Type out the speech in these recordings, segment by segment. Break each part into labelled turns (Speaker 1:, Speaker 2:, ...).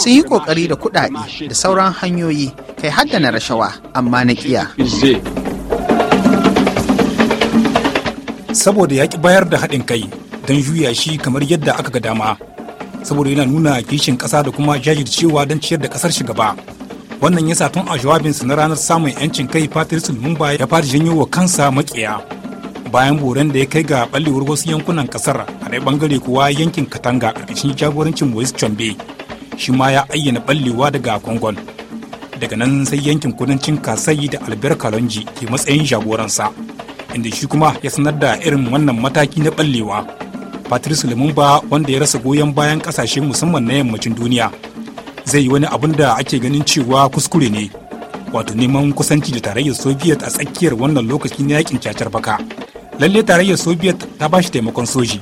Speaker 1: su yi kokari da kuɗaɗe da sauran hanyoyi kai haddana rashawa amma na ƙiya.
Speaker 2: saboda ya ki bayar da haɗin kai don juya shi kamar yadda aka ga dama saboda yana nuna kishin ƙasa da kuma jajircewa don ciyar da ƙasar shi gaba wannan sa tun a jawabinsa na ranar samun 'yancin kai patrice lumumba ya fara janyo wa kansa maƙiya bayan boran da ya kai ga ɓallewar wasu yankunan kasar a ɗaya bangare kuwa yankin katanga ƙarƙashin jagorancin moise chombe shi ma ya ayyana ɓallewa daga kongon daga nan sai yankin kudancin kasai da albert kalonji ke matsayin jagoransa inda shi kuma ya sanar da irin wannan mataki na ɓallewa patrice lumumba wanda ya rasa goyon bayan ƙasashe musamman na yammacin duniya zai yi wani abin da ake ganin cewa kuskure ne wato neman kusanci da tarayyar soviet a tsakiyar wannan lokaci na yakin cacar baka lalle tarayyar soviet ta ba shi taimakon soji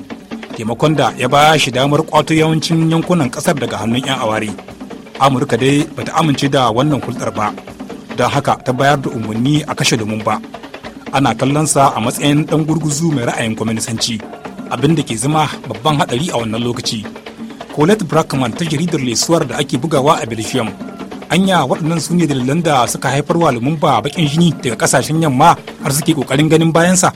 Speaker 2: taimakon da ya ba shi damar kwato yawancin yankunan kasar daga hannun 'yan awari. amurka dai ba ta amince da wannan hulɗar ba don haka ta bayar da umarni a kashe domin ba ana kallon sa a matsayin ɗan gurguzu mai ra'ayin kwaminisanci abin da ke zama babban haɗari a wannan lokaci colette brackman ta jaridar lesuwar da ake bugawa a belgium anya waɗannan su ne dalilan da suka haifar wa lumumba baƙin jini daga ƙasashen yamma har suke kokarin ganin bayansa.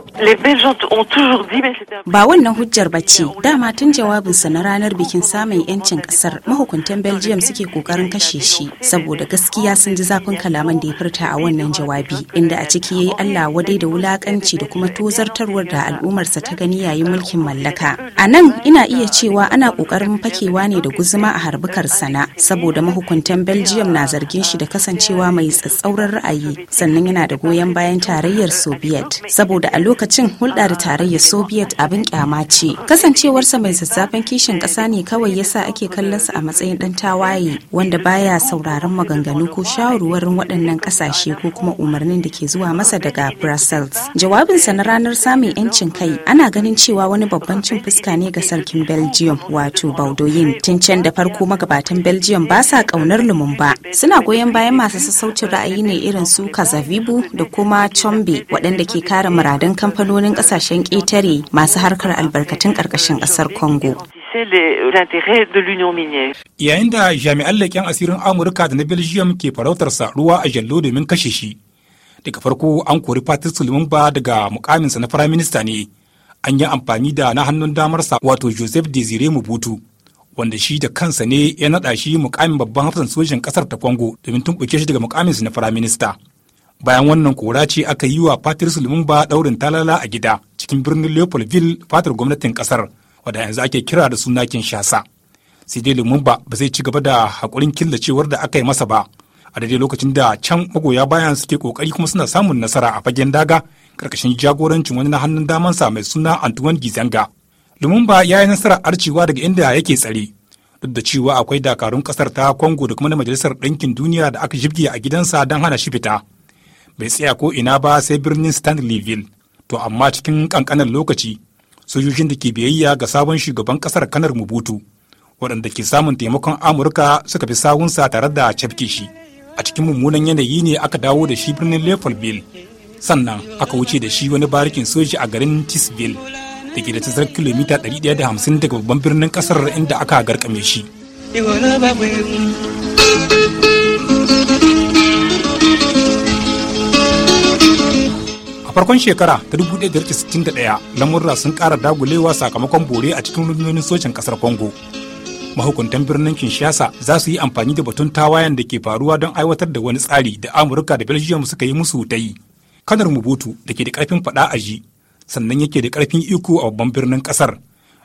Speaker 3: Ba wannan hujjar ba ce, dama tun jawabinsa na ranar bikin samun 'yancin kasar mahukuntan Belgium suke kokarin kashe shi saboda gaskiya sun ji zafin kalaman da ya furta a wannan jawabi inda a ciki yayi Allah wadai da wulakanci da kuma tozartarwar da al'ummarsa ta gani yayin mulkin mallaka. A nan ina iya cewa ana kokarin fakewa ne da guzuma a harbukar sana saboda mahukuntan Belgium na zargin shi da kasancewa mai tsatsauran ra'ayi sannan yana da goyon bayan tarayyar soviet saboda a lokacin hulɗa da tarayyar soviet abin kyama ce kasancewarsa mai zazzafan kishin ƙasa ne kawai yasa ake kallon sa a matsayin ɗan tawaye wanda baya sauraron maganganu ko shawarwarin waɗannan ƙasashe ko kuma umarnin da ke zuwa masa daga brussels jawabinsa na ranar samun 'yancin kai ana ganin cewa wani babban cin fuska ne ga sarkin belgium wato baudoyin tun can da farko magabatan belgium ba sa ƙaunar lumumba suna goyon bayan masu sassaucin ra'ayi ne irin su kazavibu da kuma chombe waɗanda ke kare muradun kamfanonin ƙasashen ƙetare
Speaker 2: masu harkar albarkatun ƙarƙashin ƙasar Congo. Yayin da jami'an leƙen asirin Amurka da na Belgium ke sa ruwa a jallo domin kashe shi. Daga farko an kori Patrice Lumumba daga mukaminsa na firaminista ne. An yi amfani da na hannun damarsa wato Joseph Desire Mobutu. wanda shi da kansa ne ya naɗa shi mukamin babban hafsan sojin ƙasar ta Congo domin tumɓuke shi daga mukamin su na firaminista. bayan wannan kora aka yi wa patrice lumumba daurin talala a gida cikin birnin leopoldville fatar gwamnatin kasar wadda yanzu ake kira da sunakin shasa sai dai lumumba ba zai ci gaba da haƙurin killacewar da aka yi masa ba a daidai lokacin da can magoya bayan suke kokari kuma suna samun nasara a fagen daga ƙarƙashin jagorancin wani na hannun damansa mai suna antoine gizanga lumumba ya yi nasara arcewa daga inda yake tsare duk da cewa akwai dakarun kasar ta congo da kuma na majalisar ɗinkin duniya da aka jibge a gidansa don hana shi fita bai tsaya ko ina ba sai birnin stanleyville to amma cikin kankanan lokaci sojojin da ke biyayya ga sabon shugaban kasar kanar mubutu waɗanda ke samun taimakon amurka suka fi sawunsa tare da cafke shi a cikin mummunan yanayi ne aka dawo da shi birnin leopoldville sannan aka wuce da shi wani barikin soji a garin tisville da ke da tazar kilomita 150 daga babban birnin kasar inda aka garkame shi. farkon shekara ta 1961 lamurra sun ƙara dagulewa sakamakon bore a cikin rundunonin socin ƙasar congo mahukuntan birnin kinshasa za su yi amfani da batun tawayan da ke faruwa don aiwatar da wani tsari da amurka da belgium suka yi musu ta yi kanar mubutu da ke da karfin faɗa a ji sannan yake da karfin iko a babban birnin ƙasar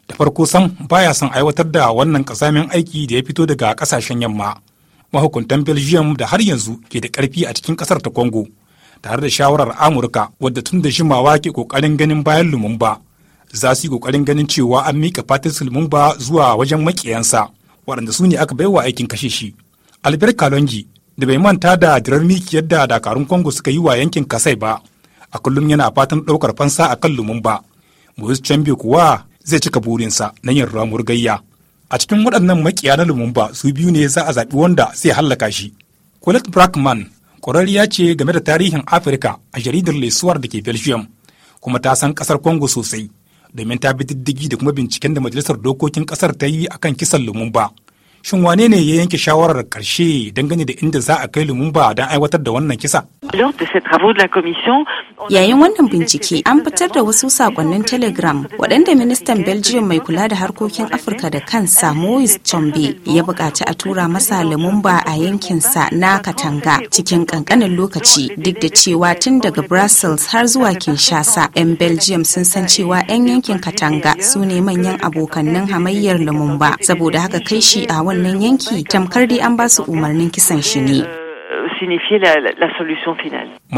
Speaker 2: da farko sam baya son aiwatar da wannan ƙasamin aiki da ya fito daga ƙasashen yamma mahukuntan belgium da har yanzu ke da karfi a cikin ƙasar ta congo tare da shawarar amurka wadda tun da jimawa ke kokarin ganin bayan lumumba za su yi kokarin ganin cewa an mika su lumumba zuwa wajen makiyansa waɗanda su ne aka bai wa aikin kashe shi albert kalongi da bai manta da dirar miki da dakarun congo suka yi wa yankin kasai ba a kullum yana fatan ɗaukar fansa a kan lumumba moise chambi kuwa zai cika burinsa na yin ramuwar gayya a cikin waɗannan makiya na lumumba su biyu ne za a zaɓi wanda zai hallaka shi colette brackman ƙwararriya ce game da tarihin afirka a jaridar lesuwar da ke belgium kuma ta san ƙasar congo sosai domin ta bi diddigi da kuma binciken da majalisar dokokin ƙasar ta yi akan kisan lumumba Shin wane ne ya yanke shawarar karshe dangane da inda za a kai Lumumba don aiwatar da wannan kisa? Yayin wannan bincike an fitar da wasu sakonnin Telegram
Speaker 3: waɗanda ministan Belgium mai kula da harkokin Afirka da kansa Moise Chombe ya buƙaci a tura masa Lumumba a yankinsa na Katanga cikin ƙanƙanin lokaci duk da cewa tun daga Brussels har zuwa Kinshasa 'yan Belgium sun san cewa 'yan yankin Katanga su ne manyan abokannin hamayyar Lumumba saboda haka kai shi a wannan yanki tamkar dai an ba su umarnin kisan shi ne.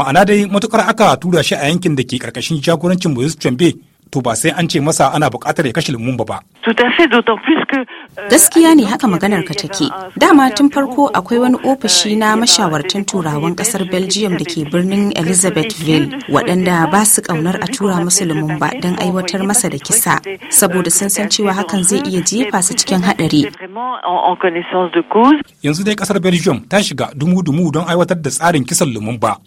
Speaker 2: Ma'ana dai matukar aka tura shi a yankin da ke karkashin jagorancin Moise Chambe to ba sai an ce masa ana bukatar ya kashe lumumba ba.
Speaker 3: Euh, Gaskiya ne haka maganar ka take. Dama tun farko akwai wani euh, ofishi na mashawartan turawan kasar Belgium da ke birnin Elizabethville waɗanda ba su ƙaunar a tura musu lumumba don aiwatar
Speaker 2: masa da kisa saboda sun san cewa hakan zai iya jefa su cikin haɗari. Yanzu dai kasar Belgium ta shiga dumu-dumu don aiwatar da tsarin kisan lumumba.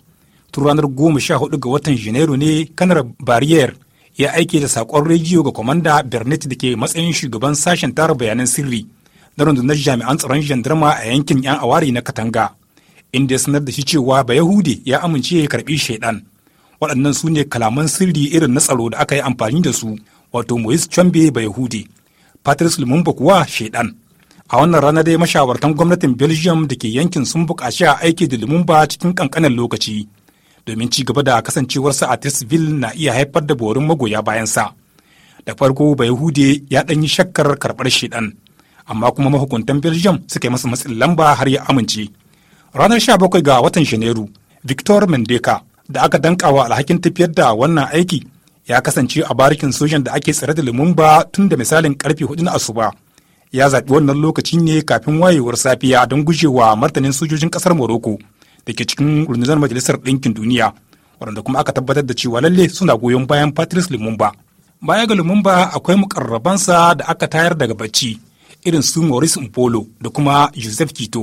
Speaker 2: tun ranar goma sha hudu ga watan janairu ne kanar bariyar ya aike da sakon rediyo ga kwamanda bernet da ke matsayin shugaban sashen tara bayanan sirri na rundunar jami'an tsaron jandarma a yankin 'yan awari na katanga inda ya sanar da shi cewa ba yahudi ya amince ya karbi shaidan waɗannan su ne kalaman sirri irin na tsaro da aka yi amfani da su wato mois chombe ba yahudi patrice lumumba kuwa shaidan a wannan rana dai mashawartan gwamnatin belgium da ke yankin sun buƙaci a aiki da lumumba cikin ƙanƙanin lokaci domin ci gaba da kasancewarsa a Tirsville na iya haifar da borin magoya bayansa. Da farko Bayahude ya ɗan yi shakkar karɓar shiɗan, amma kuma mahukuntan Belgium suka yi masa matsin lamba har ya amince. Ranar 17 ga watan Janairu, Victor Mendeka da aka dankawa alhakin tafiyar da wannan aiki ya kasance a barikin sojan da ake tsare da Lumumba tun da misalin karfe hudu na asuba. Ya zaɓi wannan lokaci ne kafin wayewar safiya don gujewa martanin sojojin ƙasar Morocco. da ke cikin rundunar majalisar ɗinkin duniya waɗanda kuma aka tabbatar da cewa lalle suna goyon bayan patrice lumumba baya ga lumumba akwai mukarrabansa da aka tayar daga bacci irin su maurice mpolo da kuma joseph kito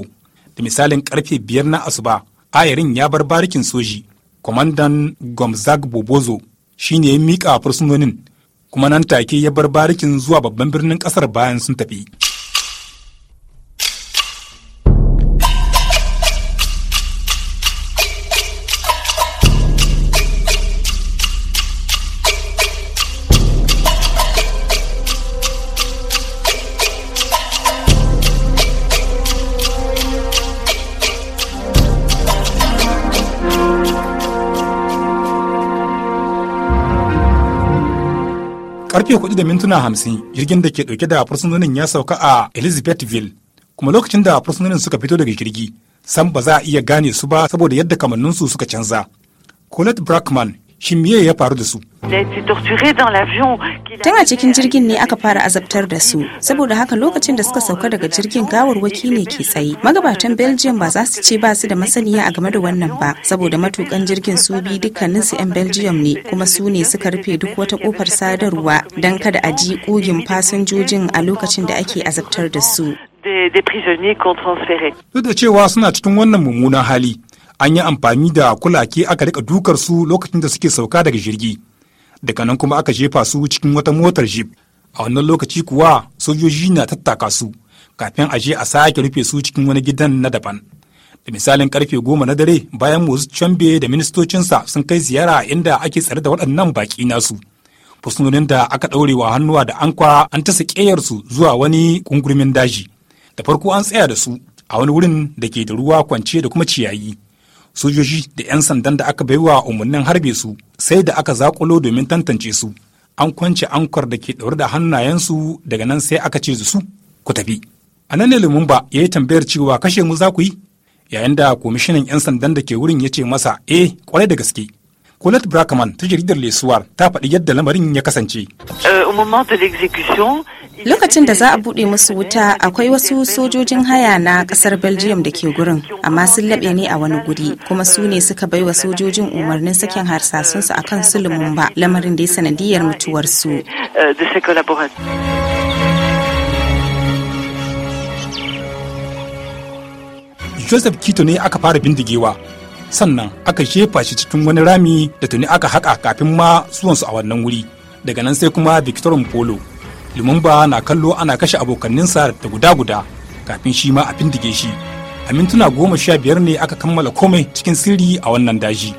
Speaker 2: da misalin karfe biyar na asuba ayarin ya bar barikin soji kwamandan gomzag bobozo shine ya miƙa fursunonin kuma nan take ya bar barikin zuwa babban birnin ƙasar bayan sun tafi. Karfe kuɗi da mintuna hamsin jirgin da ke dauke da fursunonin ya sauka a Elizabethville kuma lokacin da fursunonin suka fito daga jirgi sam ba za a iya gane su ba saboda yadda kamanninsu suka canza. Colette Brackman shin ya faru da su
Speaker 3: tun a cikin jirgin ne aka fara azabtar da su saboda haka lokacin da suka sauka daga jirgin gawar waki ne ke tsaye magabatan belgium ba za su ce ba su da masaniya a game da wannan ba saboda matukan jirgin su bi dukkanin su yan belgium ne kuma su ne suka rufe duk wata kofar sadarwa don kada a ji kugin fasinjojin a lokacin da ake azabtar da su
Speaker 2: Duk da cewa suna cikin wannan mummunan hali, an yi amfani da kulake aka rika dukar su lokacin da suke sauka daga jirgi daga nan kuma aka jefa su cikin wata motar jeep a wannan lokaci kuwa sojoji na tattaka su kafin a je a sake rufe su cikin wani gidan na daban da misalin karfe goma na dare bayan motsi cambe da ministocinsa sun kai ziyara inda ake tsare da waɗannan baƙi nasu fusunonin da aka ɗaure wa hannuwa da ankwa an tasa ƙeyarsu zuwa wani ƙungurmin daji da farko an tsaya da su a wani wurin da ke da ruwa kwance da kuma ciyayi sojoji da 'yan sandan da aka baiwa umarnin harbe su sai da aka zakulo domin tantance su an kwance ankwar da ke ɗaure da hannayensu daga nan sai aka ce su ku tafi a nan ne lumumba ya yi tambayar cewa kashe mu za ku yi yayin da kwamishinan 'yan sandan da ke wurin ya ce masa eh kwarai da gaske Colette Brackman ta jaridar Lesuwar ta faɗi yadda lamarin ya kasance.
Speaker 1: Euh,
Speaker 3: Lokacin da za a buɗe musu wuta akwai wasu sojojin haya na ƙasar Belgium da ke gurin, amma sun laɓe ne a wani guri, kuma su ne suka bai wa sojojin umarnin sakin harsasunsu akan sulumin ba lamarin da ya sanadiyar mutuwarsu.
Speaker 1: Euh,
Speaker 2: Joseph Kito ne aka fara bindigewa sannan aka shefa shi cikin wani rami da tuni aka haƙa kafin ma suwansu a wannan wuri daga nan sai kuma victor polo lumumba na kallo ana kashe abokanninsa da guda-guda kafin shi ma a bindige shi a mintuna goma sha biyar ne aka kammala komai cikin sirri a wannan daji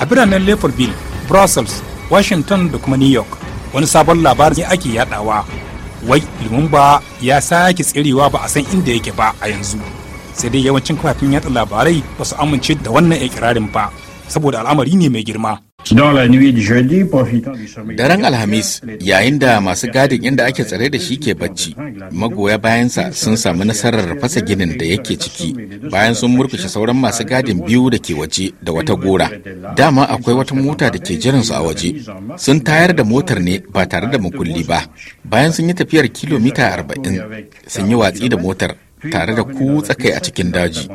Speaker 2: a biranen leopoldville brussels washington da kuma new york wani sabon labarin ne ake yadawa wai lumumba ya sake tserewa ba a san inda yake ba a yanzu sai dai yawancin kafafin yatsa labarai ba su amince da wannan ikirarin ba saboda al'amari ne mai girma Daren Alhamis yayin da masu gadin inda ake tsare da shi ke bacci, magoya bayansa sun sami nasarar fasa ginin da yake ciki bayan sun murkushe sauran masu gadin biyu da ke waje da wata gora. Dama akwai wata mota da ke jiransu a waje. Sun tayar da motar ne ba tare da mukulli ba. Bayan sun yi tafiyar kilomita arba'in sun yi watsi da motar tare da ku tsakai a cikin daji.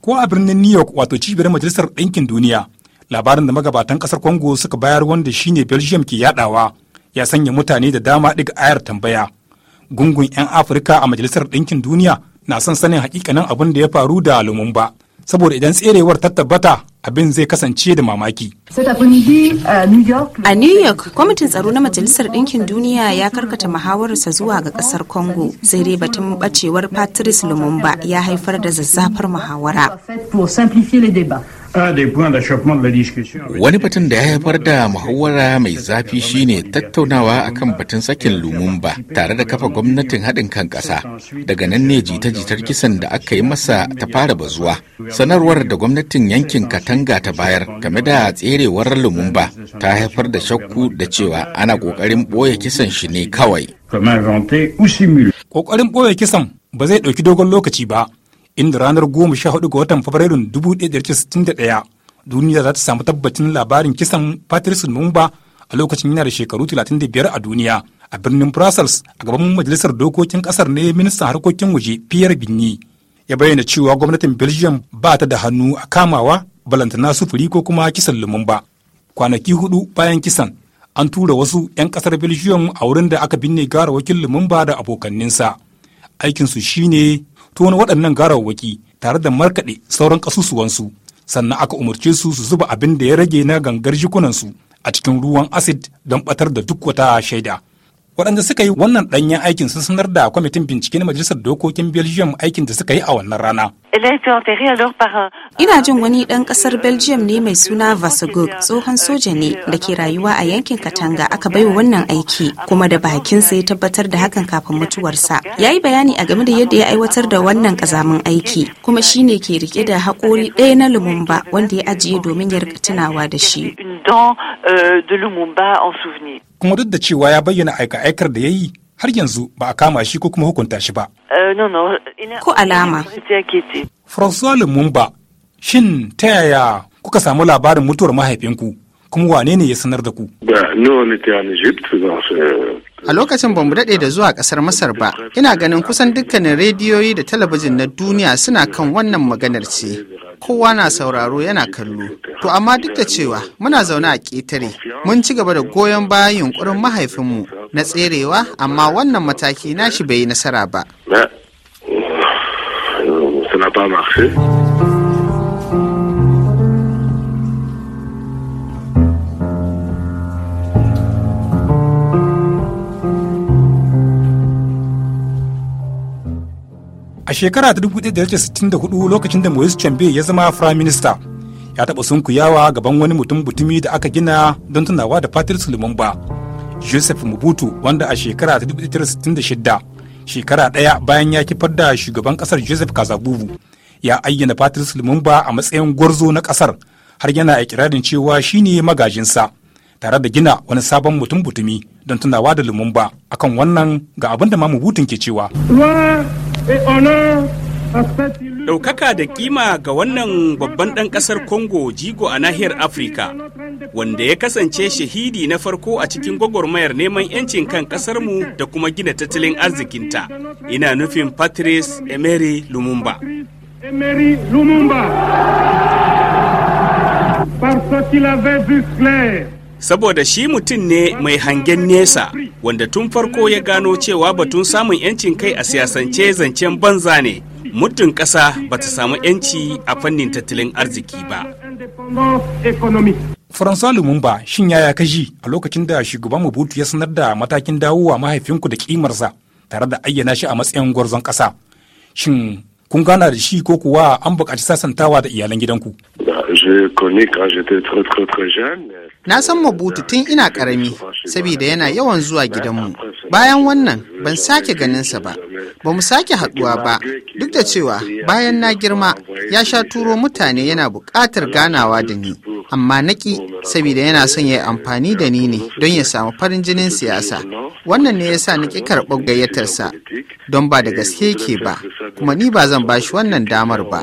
Speaker 2: Ko a birnin New York wato cibiyar Majalisar Ɗinkin Duniya, labarin da magabatan ƙasar Congo suka bayar wanda shi ne Belgium ke yaɗawa ya sanya mutane da dama ɗiga ayar tambaya. Gungun 'yan Afirka a Majalisar Ɗinkin Duniya na son sanin hakikanin abin da ya faru da Lumumba. saboda idan tserewar ta tabbata abin zai kasance da mamaki.
Speaker 3: A New York, kwamitin tsaro na Majalisar Ɗinkin Duniya ya karkata muhawararsa zuwa ga ƙasar Congo, sai dai batun bacewar Patrice Lumumba ya haifar da zazzafar muhawara.
Speaker 2: Wani batun da ya haifar da muhawara mai zafi shine tattaunawa a kan batun sakin Lumumba tare da kafa gwamnatin haɗin kan ƙasa. Daga nan ne jita-jitar
Speaker 1: kisan da aka yi masa ta fara bazuwa. Sanarwar da gwamnatin yankin Katanga ta bayar game da tserewar Lumumba ta haifar da shakku da cewa ana ƙoƙarin ɓoye
Speaker 2: kisan shi ne kawai. Ƙoƙarin ɓoye kisan ba zai ɗauki dogon lokaci ba. inda ranar goma sha 14 ga watan Fabrairun ɗaya duniya za ta samu tabbacin labarin kisan Patrice Lumumba a lokacin yana da shekaru 35 a duniya. A birnin Brussels a gaban majalisar dokokin kasar ne ministan harkokin waje Pierre Binni ya bayyana cewa gwamnatin Belgium ba ta da hannu a kamawa balantana sufuri ko kuma kisan Lumumba. Kwanaki hudu bayan kisan an tura wasu 'yan kasar Belgium a wurin da aka binne gara wakil Lumumba da abokanninsa. Aikinsu shine tono waɗannan garawwaki tare da markaɗe sauran ƙasusuwansu sannan aka umarce su su zuba abin da ya rage na gangar jikunansu a cikin ruwan asid don ɓatar da duk wata shaida. waɗanda suka yi wannan ɗanyen aikin sun sanar da kwamitin bincike na majalisar dokokin belgium aikin da suka yi a wannan rana
Speaker 3: Ina jin wani ɗan ƙasar Belgium ne mai suna Vasagog tsohon soja ne da ke rayuwa a yankin Katanga aka bai wannan aiki kuma da bakinsa ya tabbatar da hakan kafin mutuwarsa. Ya yi bayani a game da yadda ya aiwatar da wannan ƙazamin aiki kuma shi ne ke rike da haƙori ɗaya na Lumumba wanda ya ajiye domin ya rika
Speaker 2: tunawa da shi.
Speaker 1: Euh,
Speaker 2: kuma duk da cewa ya bayyana aika-aikar da ya yi har yanzu ba a kama shi ko kuma hukunta shi ba.
Speaker 1: Eh, ko
Speaker 3: alama.
Speaker 2: François Lumumba, shin ta yaya kuka samu labarin
Speaker 1: mutuwar mahaifinku? kuma wane ne ya sanar da ku? Eh, a lokacin ba mu daɗe da zuwa ƙasar Masar ba, ina ganin kusan dukkanin rediyoyi da talabijin na duniya suna kan wannan maganar ce. Kowa na sauraro yana kallo. To amma duk da cewa muna zaune a ƙetare, mun ci gaba da goyon bayan yunkurin mahaifinmu na tserewa amma wannan mataki nashi bai yi nasara ba. Eh,
Speaker 2: a shekara ta 1964 lokacin da Moise Chambe ya zama Prime Minister ya taɓa sunkuyawa gaban wani mutum butumi da aka gina don tunawa da Patrice Lumumba. Joseph mubutu wanda a shekara ta 1966 shekara ɗaya bayan ya kifar da shugaban ƙasar Joseph Kazabubu ya ayyana Patrice Lumumba a matsayin gwarzo na ƙasar har yana ikirarin cewa shine magajinsa tare da gina wani sabon mutum butumi don tunawa da Lumumba akan wannan ga abin da ma mubutun ke cewa. Eh, Ɗaukaka da kima ga wannan babban ɗan ƙasar Congo jigo a nahiyar Afirka, wanda ya kasance shahidi na farko a cikin gwagwarmayar neman 'yancin kan ƙasarmu da kuma gina tattalin arzikinta. Ina nufin Patrice Emery Lumumba. Emery Lumumba. saboda shi mutum ne mai hangen nesa wanda tun farko ya gano cewa batun samun 'yancin kai a siyasance zancen banza ne muddin ƙasa ba ta samu 'yanci a fannin tattalin arziki ba. Faransa Lumumba shin yaya kashi a lokacin da shugaban Mobutu ya sanar da matakin dawowa mahaifinku da ƙimarsa tare da ayyana shi a matsayin gwarzon ƙasa. Shin
Speaker 1: kun gana da shi ko kuwa an buƙaci sasantawa da iyalan gidanku na san mabutu tun ina ƙarami saboda yana yawan zuwa gidanmu bayan wannan ban sake ganinsa ba ba mu sake haɗuwa ba duk da cewa bayan na girma ya sha turo mutane yana buƙatar ganawa da ni amma naƙi saboda yana son ya yi amfani da ni ne don ya samu farin jinin siyasa wannan ne ya sa na ƙi karɓar gayyatarsa don ba da gaske yake ba kuma ni ba zan bashi wannan damar ba.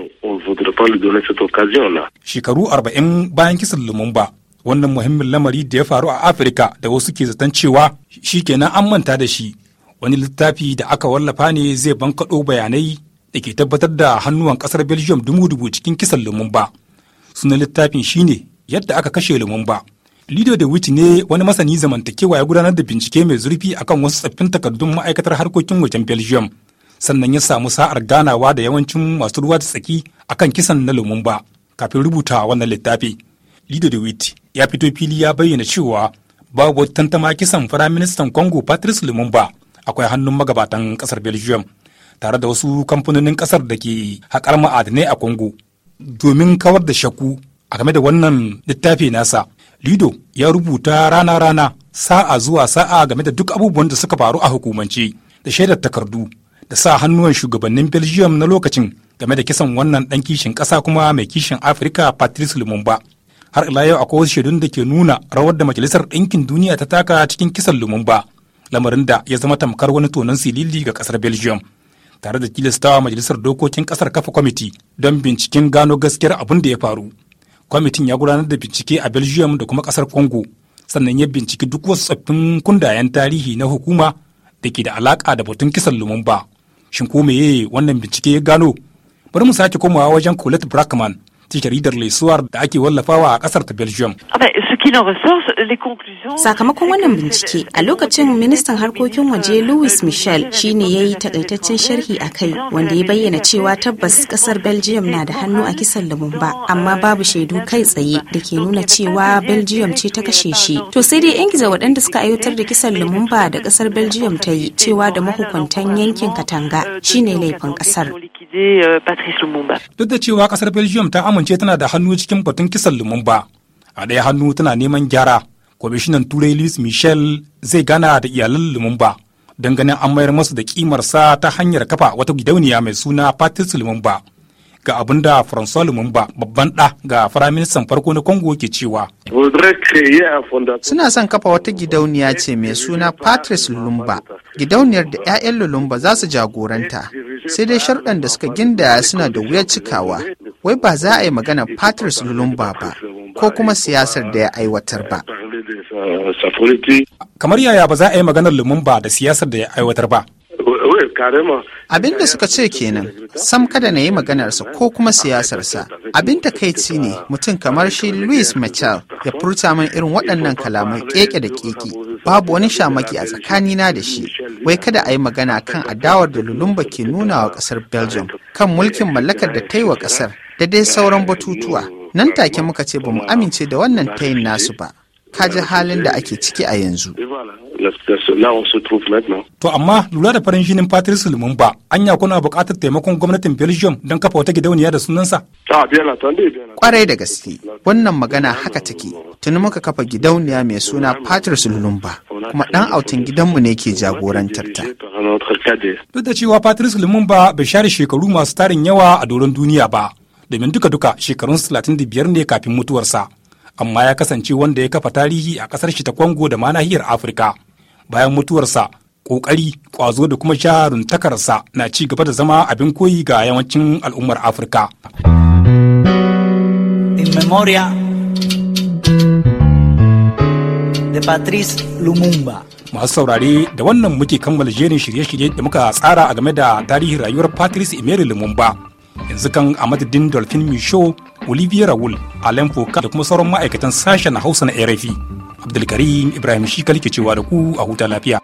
Speaker 1: Shekaru arba'in bayan
Speaker 2: kisan Lumumba, wannan muhimmin lamari da ya faru a Afirka da wasu ke zaton cewa shi kenan an manta da shi. Wani littafi da aka wallafa ne zai bankaɗo bayanai da ke tabbatar da hannuwan ƙasar Belgium dubu-dubu cikin kisan Lumumba. Sunan littafin shine yadda aka kashe Lumumba. Lido da Witi ne wani masani zamantakewa ya gudanar da bincike mai zurfi akan wasu tsaffin takardun ma'aikatar harkokin wajen Belgium. sannan ya samu sa'ar ganawa da yawancin masu ruwa da tsaki a kan kisan na lumumba kafin rubuta wannan littafi lido de wit ya fito fili ya bayyana cewa babu wata tantama kisan firaministan kongo patrice lumumba akwai hannun magabatan kasar belgium tare da wasu kamfanonin kasar da ke haƙar ma'adanai a kongo. domin kawar da shakku a game da wannan littafi nasa lido ya rubuta rana-rana sa'a zuwa sa'a game da duk abubuwan da suka faru a hukumance da shaidar takardu da sa hannuwan shugabannin belgium na lokacin game da kisan wannan dan kishin kasa kuma mai kishin afirka patrice lumumba har ila yau akwai wasu shaidun da ke nuna rawar da majalisar ɗinkin duniya ta taka cikin kisan lumumba lamarin da ya zama tamkar wani tonon silili ga kasar belgium tare da tilastawa majalisar dokokin kasar kafa kwamiti don binciken gano gaskiyar abin da ya faru kwamitin ya gudanar da bincike a belgium da kuma kasar congo sannan ya binciki duk wasu tsoffin kundayen tarihi na hukuma da ke da alaka da batun kisan lumumba Shin ko meye wannan bincike ya gano? Bari mu sake komawa wajen Colette Brackman jaridar lesuwar da ake wallafawa a kasar ta belgium
Speaker 3: sakamakon wannan bincike a lokacin ministan harkokin waje louis michel shine ya yi takaitaccen sharhi a kai wanda ya bayyana cewa tabbas kasar belgium na da hannu a kisan lumumba amma babu shaidu kai tsaye da ke nuna cewa belgium ce ta kashe shi to sai dai yan waɗanda suka aiwatar da kisan lumumba da kasar belgium ta yi cewa da mahukuntan yankin katanga shine laifin kasar
Speaker 2: euh, duk da cewa kasar belgium ta amu amince tana da hannu cikin batun kisan lumumba a ɗaya hannu tana neman gyara kwamishinan turai louis michel zai gana da iyalan lumumba don ganin an mayar masu da kimarsa ta hanyar kafa wata gidauniya mai suna patrice lumumba ga abin da François Lumumba babban ɗa ga firaministan farko na Congo ke
Speaker 1: cewa. Suna son kafa wata gidauniya ce mai suna Patrice Lumumba, gidauniyar da 'ya'yan Lumumba za su jagoranta, sai dai sharɗan da suka ginda suna da wuyar cikawa. wai ba za a yi magana Patrice Lulumba ba ko kuma siyasar da ya aiwatar ba. Kamar yaya ba za a yi maganar Lumumba da siyasar da ya aiwatar ba. Abin da suka ce kenan, sam kada na yi maganarsa ko kuma siyasarsa. Abin takaici ne mutum kamar shi Louis Michel ya furta min irin waɗannan kalamai keke da keke. Babu wani shamaki a tsakanina da shi. Wai kada a yi magana kan adawar da Lulumba ke nuna wa ƙasar Belgium kan mulkin mallakar da ta yi wa ƙasar da dai eh, sauran batutuwa nan eh, take muka ce ba mu amince da wannan tayin nasu ba ka ji halin da ake ciki a yanzu
Speaker 2: to amma lura da farin shinin patrice lumumba anya kuna buƙatar taimakon gwamnatin
Speaker 1: belgium don kafa wata gidauniya da sunansa ah, kwarai da gaske wannan magana haka take tuni muka kafa gidauniya mai suna patrice lumumba kuma ɗan autan gidanmu ne ke jagorantarta. Duk da cewa Patrice Lumumba bai share shekaru masu
Speaker 2: tarin yawa a doron duniya ba, domin duka-duka shekarunsa 35 ne kafin mutuwarsa amma ya kasance wanda ya kafa tarihi a kasar shi ta kwango da manahiyar nahiyar Afirka. Bayan mutuwarsa, kokari, kwazo da kuma jaruntakarsa na ci gaba da zama abin koyi ga yawancin al'ummar Afirka. In memoria de Patrice Lumumba. Masu saurare da wannan muke kammala jerin shirye-shirye da muka tsara a game da tarihin rayuwar Patrice Emery Lumumba. yanzu kan a madadin dolphin misho olivier raul alain foka da kuma sauran ma'aikatan sashen hausa na rfi abdulkarim ibrahim shi ke cewa da ku a huta lafiya